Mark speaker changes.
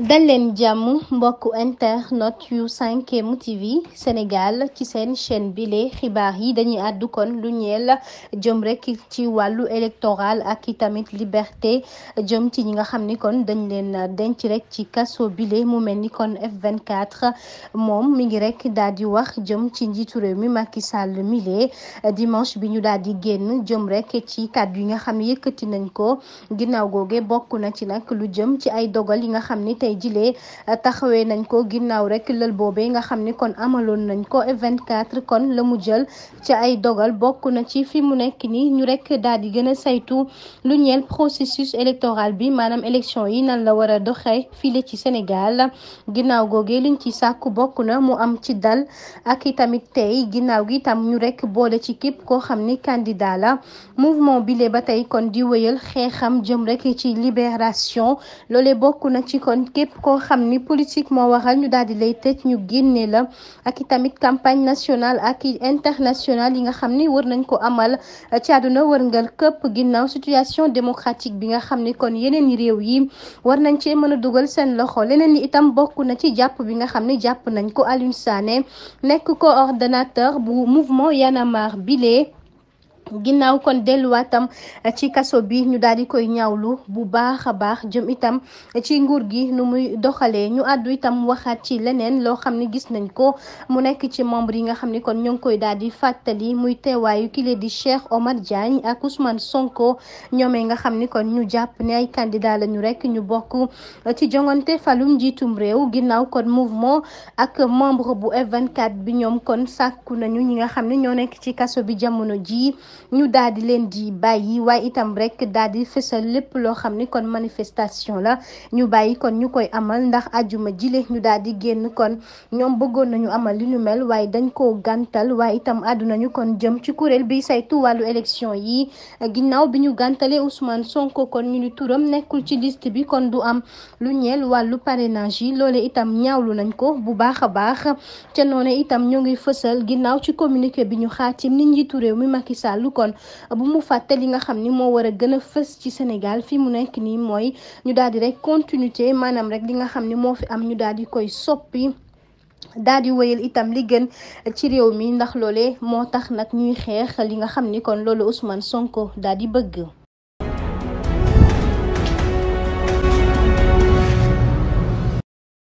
Speaker 1: dal leen jàmm mbokku not yu 5M TV Sénégal ci seen chaîne bile xibaar yi dañuy àddu kon lu ñeel jëm rekk ci wàllu électoral ak i tamit liberté jëm ci ñi nga xam ni kon dañ leen denc rek ci kaso bile mu mel ni kon F24 moom mi ngi rek daal di wax jëm ci njiitu réew mi Macky sàll mile dimanche bi ñu daal di génn jëm rek ci kàddu yi nga xam ne yëkkati nañ ko ginnaaw googe bokk na ci nag lu jëm ci ay dogal yi nga xam ni tey tey jilee eh, taxawee nañ ko ginnaaw rek lël boobee nga xam ni kon amaloon nañ ko vingt 24 kon la mu jël ci ay dogal bokk na ci fi mu nekk ni ñu rekk daal di gën a saytu lu ñeel processus électoral bi maanaam élection yi nan la war a doxee file ci Sénégal ginnaaw googee liñ ci sàkku bokk na mu am ci dal ak itamit tey ginnaaw gi itam ñu rekk boole ci képp koo xam ni candidat la mouvement bile ba tey kon di wéyal xeexam jëm rek ci libération loole képp koo xam ni politique moo waral ñu daal di lay tëj ñu génne la ak i tamit campagne nationale ak i internationale yi nga xam ni war nañ ko amal ci adduna war ngal këpp ginnaaw situation démocratique bi nga xam ni kon yeneen i réew yi war nañ cee mën a dugal seen loxo leneen yi itam bokk na ci jàpp bi nga xam ni jàpp nañ ko Alioune Sané nekk coordonnateur bu mouvement Y'en a marre bilee ginnaaw kon delluwaatam eh, ci kaso bi ñu daal di koy ñawlu bu baax a baax jëm itam ci nguur gi nu muy doxalee ñu àddu itam waxaat ci leneen loo xam ne gis nañ ko mu nekk ci membre yi nga xam ne kon ñu ngi koy daal di fàttali muy teewaayu kile di Cheikh Omar Diagne ak Ousmane Sonko ñoomee nga xam ni kon ñu jàpp ne ay candidat lañu rek ñu bokk eh, ci jongante falum njiitum réew ginnaaw kon mouvement ak membre bu F24 bi ñoom kon sàkku nañu ñi nga xam ne ñoo nekk ci kaso bi jamono jii ñu daal di leen di bàyyi waaye itam rek daal di fësal lépp loo xam ni kon manifestation la ñu bàyyi kon ñu koy amal ndax ajuma jile ñu daal di génn kon ñoom bëggoon nañu amal li ñu mel waaye dañ koo gàntal waaye itam àdduna ñu kon jëm ci kuréel bi saytu wàllu élection yi ginnaaw bi ñu gàntalee Ousmane Sonko kon ñu ni turam nekkul ci liste bi kon du am lu ñel wàllu parrainage yi loole itam ñaawlu nañ ko bu baax a baax ca noonu itam ñoo ngi fësal ginnaaw ci communiqué bi ñu xaatim ni njiitu réew mi Macky Sall kon bu mu fàtte li nga xam ni moo war a gën a fës ci Sénégal fi mu nekk nii mooy ñu daal di rek continuité maanaam rek li nga xam ni moo fi am ñu daal di koy soppi. daal di wéyal itam li gën ci réew mi ndax loole moo tax nag ñuy xeex li nga xam ni kon loolu ausman Sonko daal di bëgg.